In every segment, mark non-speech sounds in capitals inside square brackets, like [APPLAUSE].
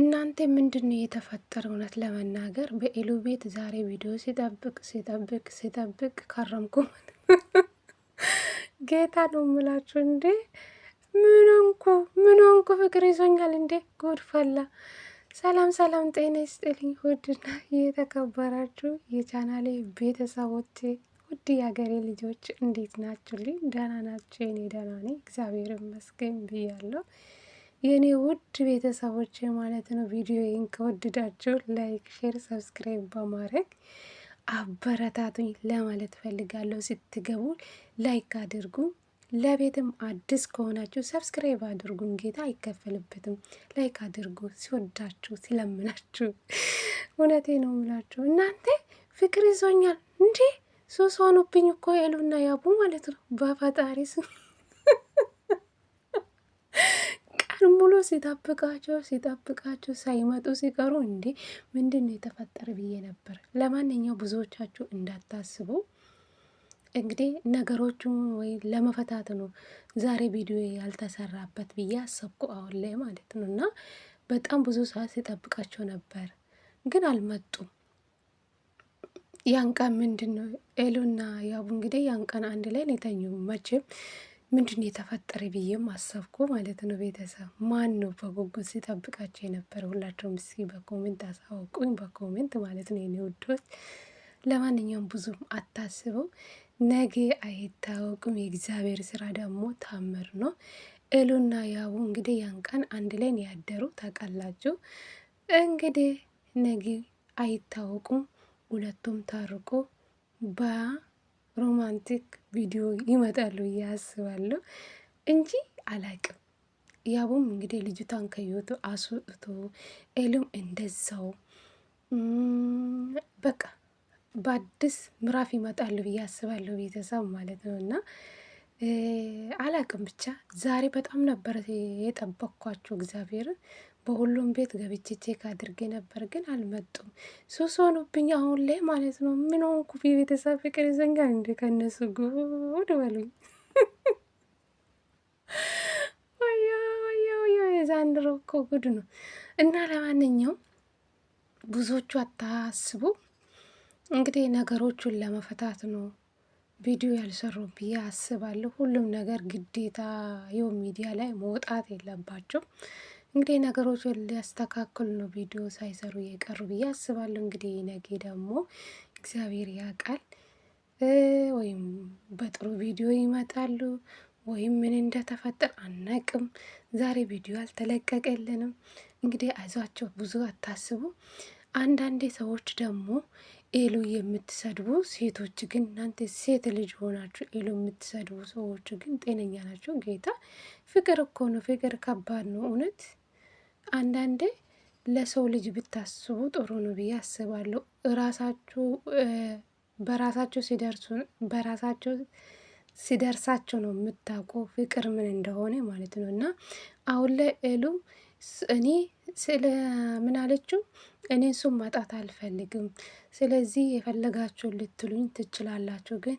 እናንተ ምንድን ነው የተፈጠረ? እውነት ለመናገር በኤሉ ቤት ዛሬ ቪዲዮ ሲጠብቅ ሲጠብቅ ሲጠብቅ ካረምኩ [LAUGHS] ጌታ ነው ምላችሁ። እንዴ ምንንኩ ምንንኩ ፍቅር ይዞኛል እንዴ ጉድ ፈላ። ሰላም ሰላም፣ ጤና ይስጥልኝ ውድና የተከበራችሁ የቻናሌ ቤተሰቦቼ፣ ውድ የሀገሬ ልጆች እንዴት ናችሁልኝ? ደህና ናችሁ? እኔ ደህና ነኝ፣ እግዚአብሔር ይመስገን ብያለሁ። የእኔ ውድ ቤተሰቦች ማለት ነው። ቪዲዮዬን ከወደዳችሁ ላይክ፣ ሼር፣ ሰብስክራይብ በማድረግ አበረታቱኝ ለማለት ፈልጋለሁ። ስትገቡ ላይክ አድርጉ። ለቤትም አዲስ ከሆናችሁ ሰብስክራይብ አድርጉን። ጌታ አይከፈልበትም። ላይክ አድርጉ። ሲወዳችሁ ሲለምናችሁ፣ [LAUGHS] እውነቴ ነው ምላችሁ። እናንተ ፍቅር ይዞኛል እንዴ ሶስ ሆኑብኝ እኮ የሉና ያቡ ማለት ነው በፈጣሪ ሲጠብቃቸው ሲጠብቃቸው ሳይመጡ ሲቀሩ እንዴ ምንድን ነው የተፈጠረ ብዬ ነበር። ለማንኛው ብዙዎቻችሁ እንዳታስቡ እንግዲህ ነገሮቹ ወይ ለመፈታት ነው ዛሬ ቪዲዮ ያልተሰራበት ብዬ አሰብኩ፣ አሁን ላይ ማለት ነው። እና በጣም ብዙ ሰዓት ሲጠብቃቸው ነበር፣ ግን አልመጡም። ያን ቀን ምንድን ነው ኤሉና ያቡ እንግዲህ ያን ቀን አንድ ላይ ነው የተኙ መቼም ምንድን የተፈጠረ ብዬም አሰብኩ ማለት ነው። ቤተሰብ ማን ነው በጉጉት ሲጠብቃቸው የነበረ? ሁላቸውም እስኪ በኮሜንት አሳውቁኝ፣ በኮሜንት ማለት ነው የኔ ውዶች። ለማንኛውም ብዙም አታስበው፣ ነገ አይታወቅም። የእግዚአብሔር ስራ ደግሞ ታምር ነው። እሉና ያቡ እንግዲህ ያን ቀን አንድ ላይ ያደሩ ታውቃላችሁ። እንግዲህ ነገ አይታወቁም፣ ሁለቱም ታርቆ በ ሮማንቲክ ቪዲዮ ይመጣሉ ብዬ አስባለሁ እንጂ አላቅም። ያቡም እንግዲህ ልጅቷን ከህይወቱ አስወጥቶ ኤሉም እንደዛው በቃ በአዲስ ምዕራፍ ይመጣሉ ብዬ አስባለሁ። ቤተሰብ ማለት ነው እና አላቅም ብቻ ዛሬ በጣም ነበረ የጠበቅኳቸው እግዚአብሔርን በሁሉም ቤት ገብቼ ቼክ አድርጌ ነበር፣ ግን አልመጡም። ሶስት ሆኖብኝ አሁን ላይ ማለት ነው። ምን ሆንኩ? ቤተሰብ ፍቅር ይዘኛል እንደ ከነሱ ጉድ በሉኝ። ዛንድሮ [LAUGHS] እኮ ጉድ ነው። እና ለማንኛውም ብዙዎቹ አታስቡ እንግዲህ ነገሮቹን ለመፈታት ነው ቪዲዮ ያልሰሩ ብዬ አስባለሁ። ሁሉም ነገር ግዴታ የው ሚዲያ ላይ መውጣት የለባቸው። እንግዲህ ነገሮች ሊያስተካክሉ ነው ቪዲዮ ሳይሰሩ የቀሩ ብዬ አስባለሁ። እንግዲህ ነገ ደግሞ እግዚአብሔር ያውቃል፣ ወይም በጥሩ ቪዲዮ ይመጣሉ ወይም ምን እንደተፈጠረ አናቅም። ዛሬ ቪዲዮ አልተለቀቀልንም። እንግዲህ አይዟቸው፣ ብዙ አታስቡ። አንዳንዴ ሰዎች ደግሞ ኤሉ የምትሰድቡ ሴቶች ግን እናንተ ሴት ልጅ ሆናችሁ ኤሉ የምትሰድቡ ሰዎች ግን ጤነኛ ናቸው? ጌታ ፍቅር እኮ ነው። ፍቅር ከባድ ነው እውነት አንዳንዴ ለሰው ልጅ ብታስቡ ጥሩ ነው ብዬ አስባለሁ። እራሳችሁ በራሳቸው ሲደርሱ በራሳቸው ሲደርሳቸው ነው የምታውቁ ፍቅር ምን እንደሆነ ማለት ነው። እና አሁን ላይ እሉ እኔ ስለ ምን አለችው? እኔ እሱም ማጣት አልፈልግም፣ ስለዚህ የፈለጋችሁ ልትሉኝ ትችላላችሁ፣ ግን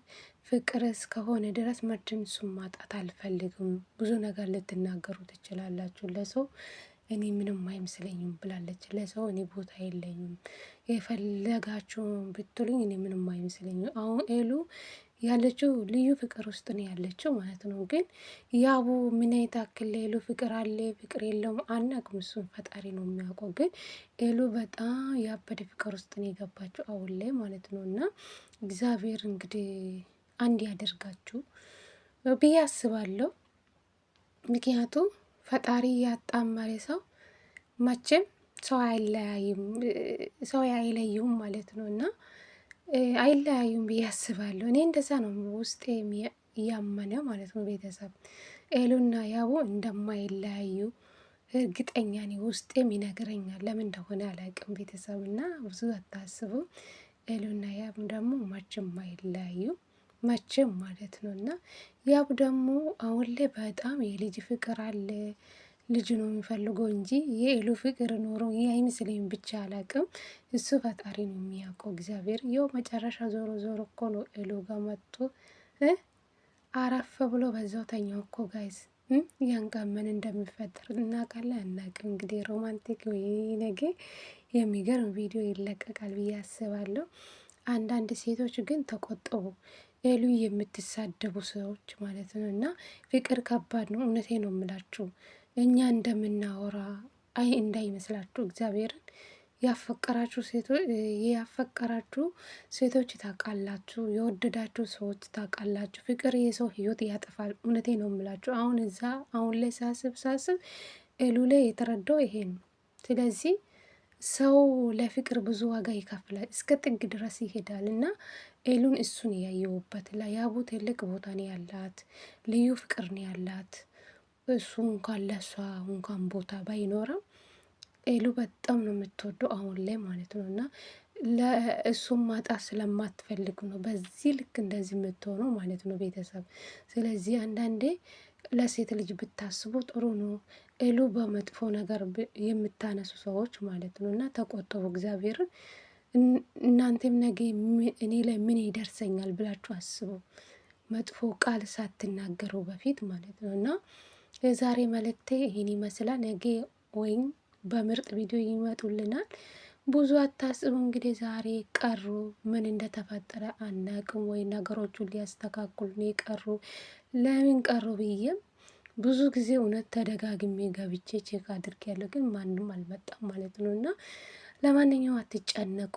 ፍቅር እስከሆነ ድረስ መድን እሱም ማጣት አልፈልግም። ብዙ ነገር ልትናገሩ ትችላላችሁ ለሰው እኔ ምንም አይመስለኝም ብላለች። ለሰው እኔ ቦታ የለኝም የፈለጋችሁን ብትሉኝ እኔ ምንም አይመስለኝም። አሁን ኤሉ ያለችው ልዩ ፍቅር ውስጥ ነው ያለችው ማለት ነው። ግን ያቡ ምን አይነት አክል ፍቅር አለ ፍቅር የለውም አናቅም፣ እሱን ፈጣሪ ነው የሚያውቀው። ግን ኤሉ በጣም ያበደ ፍቅር ውስጥ ነው የገባችው አሁን ላይ ማለት ነው። እና እግዚአብሔር እንግዲህ አንድ ያደርጋችሁ ብዬ አስባለሁ ምክንያቱም ፈጣሪ ያጣመረ ሰው መቼም ሰው አይለያይም ሰው አይለዩም ማለት ነው እና አይለያዩም ብዬ አስባለሁ። እኔ እንደዛ ነው ውስጤ እያመነ ማለት ነው። ቤተሰብ ኤሉና ያቡ እንደማይለያዩ እርግጠኛ እኔ ውስጤም ይነግረኛል። ለምን እንደሆነ አላቅም። ቤተሰብ እና ብዙ አታስቡ። ኤሉና ያቡ ደግሞ መቼም አይለያዩ መቼም ማለት ነው። እና ያብ ደግሞ አሁን ላይ በጣም የልጅ ፍቅር አለ። ልጅ ነው የሚፈልገው እንጂ የኤሉ ፍቅር ኖሮ አይመስለኝ ብቻ አላቅም። እሱ ፈጣሪ ነው የሚያውቀው እግዚአብሔር። ያው መጨረሻ ዞሮ ዞሮ እኮ ነው ኤሉ ጋር መጥቶ አረፈ ብሎ በዛው ተኛው እኮ ጋይዝ። ያን ቀን ምን እንደሚፈጠር እናውቃለን አናውቅም። እንግዲህ ሮማንቲክ ወይ ነገ የሚገርም ቪዲዮ ይለቀቃል ብዬ አስባለሁ። አንዳንድ ሴቶች ግን ተቆጠቡ። ሄሉ የምትሳደቡ ሰዎች ማለት ነው። እና ፍቅር ከባድ ነው። እውነቴ ነው የምላችሁ እኛ እንደምናወራ አይ እንዳይመስላችሁ እግዚአብሔርን ያፈቀራችሁ ያፈቀራችሁ ሴቶች ታውቃላችሁ፣ የወደዳችሁ ሰዎች ታውቃላችሁ። ፍቅር የሰው ህይወት ያጠፋል። እውነቴ ነው የምላችሁ አሁን እዛ አሁን ላይ ሳስብ ሳስብ ሄሉ ላይ የተረዳው ይሄ ነው። ስለዚህ ሰው ለፍቅር ብዙ ዋጋ ይከፍላል፣ እስከ ጥግ ድረስ ይሄዳል እና ኤሉን እሱን ያየሁበት ለያቡ ትልቅ ቦታ ነው ያላት፣ ልዩ ፍቅር ነው ያላት። እሱ እንኳን ለሷ እንኳን ቦታ ባይኖረም ኤሉ በጣም ነው የምትወደው አሁን ላይ ማለት ነው። እና ለእሱን ማጣት ስለማትፈልግ ነው በዚህ ልክ እንደዚህ የምትሆነው ማለት ነው ቤተሰብ። ስለዚህ አንዳንዴ ለሴት ልጅ ብታስቡ ጥሩ ነው። ኤሉ በመጥፎ ነገር የምታነሱ ሰዎች ማለት ነው እና ተቆጠቡ እግዚአብሔርን እናንተም ነገ እኔ ላይ ምን ይደርሰኛል ብላችሁ አስቡ። መጥፎ ቃል ሳትናገሩ በፊት ማለት ነው። እና የዛሬ መልእክቴ ይህን ይመስላል። ነገ ወይም በምርጥ ቪዲዮ ይመጡልናል። ብዙ አታስቡ። እንግዲህ ዛሬ ቀሩ፣ ምን እንደተፈጠረ አናቅም። ወይ ነገሮቹን ነው የቀሩ ለምን ቀሩ ብዬም ብዙ ጊዜ እውነት ተደጋግሜ ገብቼ ቼክ ያለው ግን ማንም አልመጣም ማለት ነው እና ለማንኛውም አትጨነቁ።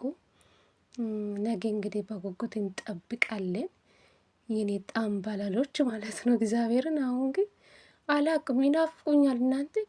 ነገ እንግዲህ በጉጉት እንጠብቃለን። የኔ ጣም ባላሎች ማለት ነው። እግዚአብሔርን አሁን ግን አላቅም፣ ይናፍቁኛል እናንተ